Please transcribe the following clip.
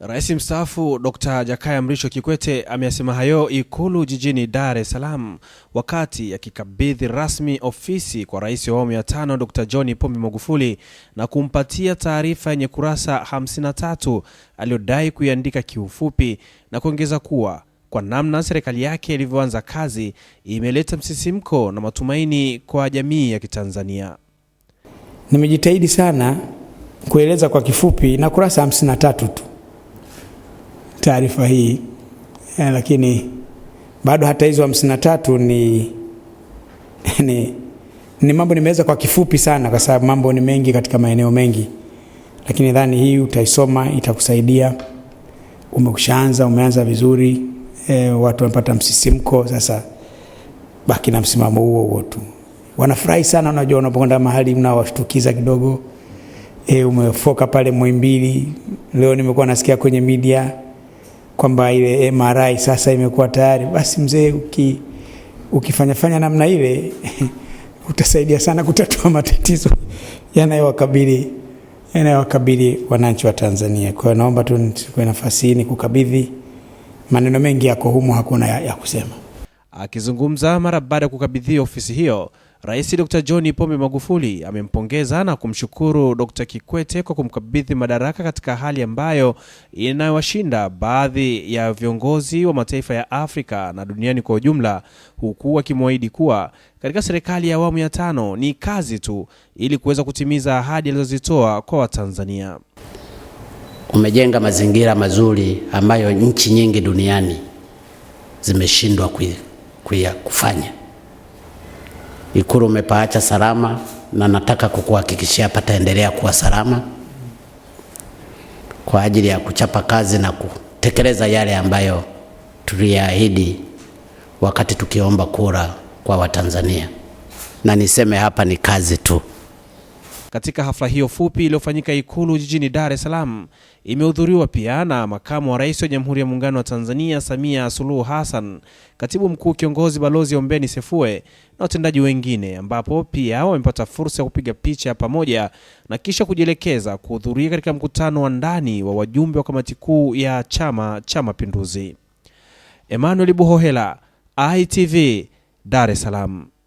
Rais mstaafu Dr. Jakaya Mrisho Kikwete ameyasema hayo Ikulu jijini Dar es Salaam wakati akikabidhi rasmi ofisi kwa Rais wa awamu ya tano Dr. John Pombe Magufuli na kumpatia taarifa yenye kurasa 53 aliyodai kuiandika kiufupi na kuongeza kuwa kwa namna serikali yake ilivyoanza kazi imeleta msisimko na matumaini kwa jamii ya Kitanzania. Nimejitahidi sana kueleza kwa kifupi na kurasa 53 tu taarifa hii eh, lakini bado hata hizo hamsini na tatu ni, ni, ni mambo nimeweza kwa kifupi sana, kwa sababu mambo ni mengi katika maeneo mengi, lakini nadhani hii utaisoma itakusaidia. Umekushaanza, umeanza vizuri eh, watu wamepata msisimko sasa, baki na msimamo huo huo tu. Wanafurahi sana, unajua unapokwenda mahali mnawashtukiza kidogo. E, umefoka pale Muhimbili. Leo nimekuwa nasikia kwenye media kwamba ile MRI sasa imekuwa tayari, basi mzee, uki, fanya namna ile utasaidia sana kutatua matatizo yanayowakabili yanayowakabili wananchi wa Tanzania. Kwa hiyo naomba tu nichukue nafasi hii nikukabidhi, maneno mengi yako humo hakuna ya, ya kusema. Akizungumza mara baada ya kukabidhi ofisi hiyo Rais Dr. John Pombe Magufuli amempongeza na kumshukuru Dr. Kikwete kwa kumkabidhi madaraka katika hali ambayo inayowashinda baadhi ya viongozi wa mataifa ya Afrika na duniani kwa ujumla, huku akimwahidi kuwa katika serikali ya awamu ya tano ni kazi tu ili kuweza kutimiza ahadi alizozitoa kwa Watanzania. Umejenga mazingira mazuri ambayo nchi nyingi duniani zimeshindwa kufanya. Ikulu umepaacha salama, na nataka kukuhakikishia pataendelea kuwa salama kwa ajili ya kuchapa kazi na kutekeleza yale ambayo tuliyaahidi wakati tukiomba kura kwa Watanzania. Na niseme hapa ni kazi tu. Katika hafla hiyo fupi iliyofanyika Ikulu jijini Dar es Salaam, imehudhuriwa pia na makamu wa rais wa Jamhuri ya Muungano wa Tanzania Samia Suluhu Hassan, katibu mkuu kiongozi Balozi Ombeni Sefue na watendaji wengine, ambapo pia wamepata fursa ya kupiga picha pamoja na kisha kujielekeza kuhudhuria katika mkutano wa ndani wa wajumbe wa kamati kuu ya Chama cha Mapinduzi. Emmanuel Buhohela, ITV, Dar es Salaam.